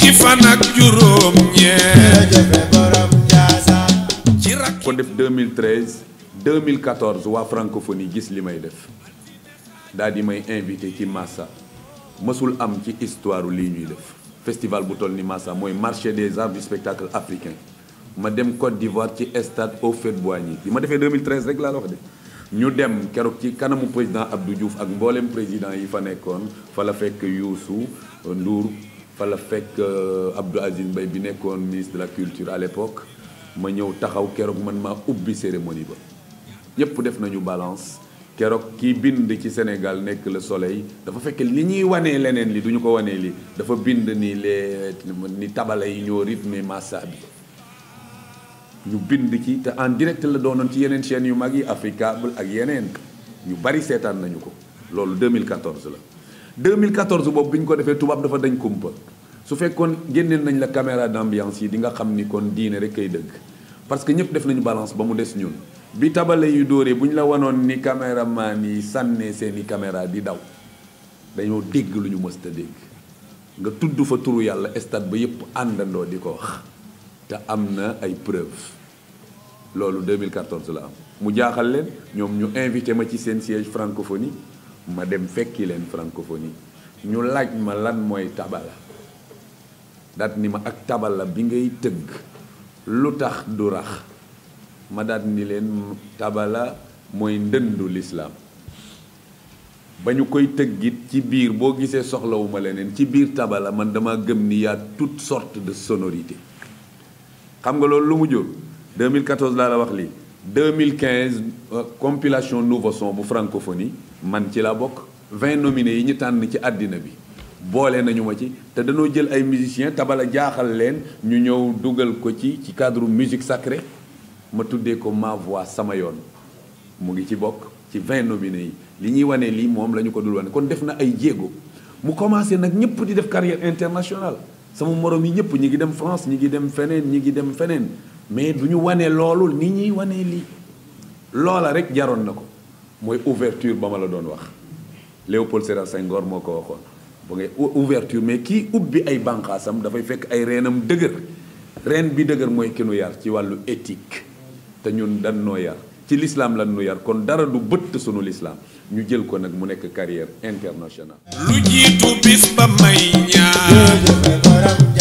fukki fan ak def 2013 2014 wa francophonie gis limay def daal di may invité ci Massa mësul am ci histoire li ñuy def festival bu toll ni Massa moy marché des arts du spectacle africain ma dem Côte d'Ivoire ci stade fait boigny bi ma defee 2013 rek la la wax de ñu dem kérok ci kanamu président Abdou Diouf ak mboolem président yi fa nekkoon fa la fekk Youssou Ndour fa la fekk euh, Abdou Aziz Mbaye bi nekkoon ministre de la culture à l'époque ma ñëw taxaw kérok man ma ubbi cérémonie ba ñëpp def nañu balance kérok ki bind ci Sénégal nek le soleil dafa fekk li ñi wané lenen li du ko wané li dafa bind ni les ni tabala yi ñoo rythme massa bi ñu bind ci te en direct la doonoon ci yenen chaîne yu mag Africa Africable ak yenen ñu bari seetaan nañu ko loolu 2014 la 2014 boobu bi ñu ko defee tubaab dafa dañ kumpa su fekkoon génneel nañ la caméra d'ambiance yi di nga xam ni kon diine rek kay dëgg parce que ñëpp def nañu balance ba mu des ñun bi tabale yu dóoree bu ñu la wanoon ni caméraman yi sànnee seeni caméra di daw dañoo dégg lu ñu mës a dégg nga tudd fa turu yàlla estade ba yëpp àndandoo di ko wax te am na ay preuve loolu mille 2014 la am mu jaaxal leen ñoom ñu invité ma ci seen siège francophonie ma dem fekki len francophonie ñu laaj ma lan moy tabala dat ni ma ak tabala bi ngay teug lutax du rax ma dat ni len tabala moy ndëndu l'islam bañu ñu koy git ci biir boo gisee soxlawuma lenen ci biir tabala man dama gëm ni ya toute sorte de sonorité xam nga lolou lu mu jor 2014 la la wax li 2015 euh, compilation nouveau son bu francophonie man ci laa bokk vingt nominés yi ñu tànn ci àddina bi boole nañu ma ci te dañoo jël ay musiciens tabala jaaxal leen ñu ñëw dugal ko ci ci cadre musique sacrée ma tuddee ko ma voix sama yoon mu ngi ci bokk ci 20 nominés yi li ñuy wane lii moom la ñu ko dul wane kon def na ay jéego mu commencé nag ñëpp di def carrière internationale sama morom yi ñëpp ñi ngi dem France ñi ngi dem feneen ñi ngi dem feneen mais duñu wané loolu ni ñi wané li loola rek jaron nako, moy ouverture bama la doon wax léopold sédar senghor moko waxon bu ngay ouverture mais ki ubbi ay da fay fekk ay reenam dëgër reen bi dëgër moy ki nu yar ci walu éthique te ñun dan no yar ci l'islam lan nu yar kon dara du bëtt sunu l'islam ñu jël ko nak mu nekk carrière internationale lu jitu bis ba may ñaar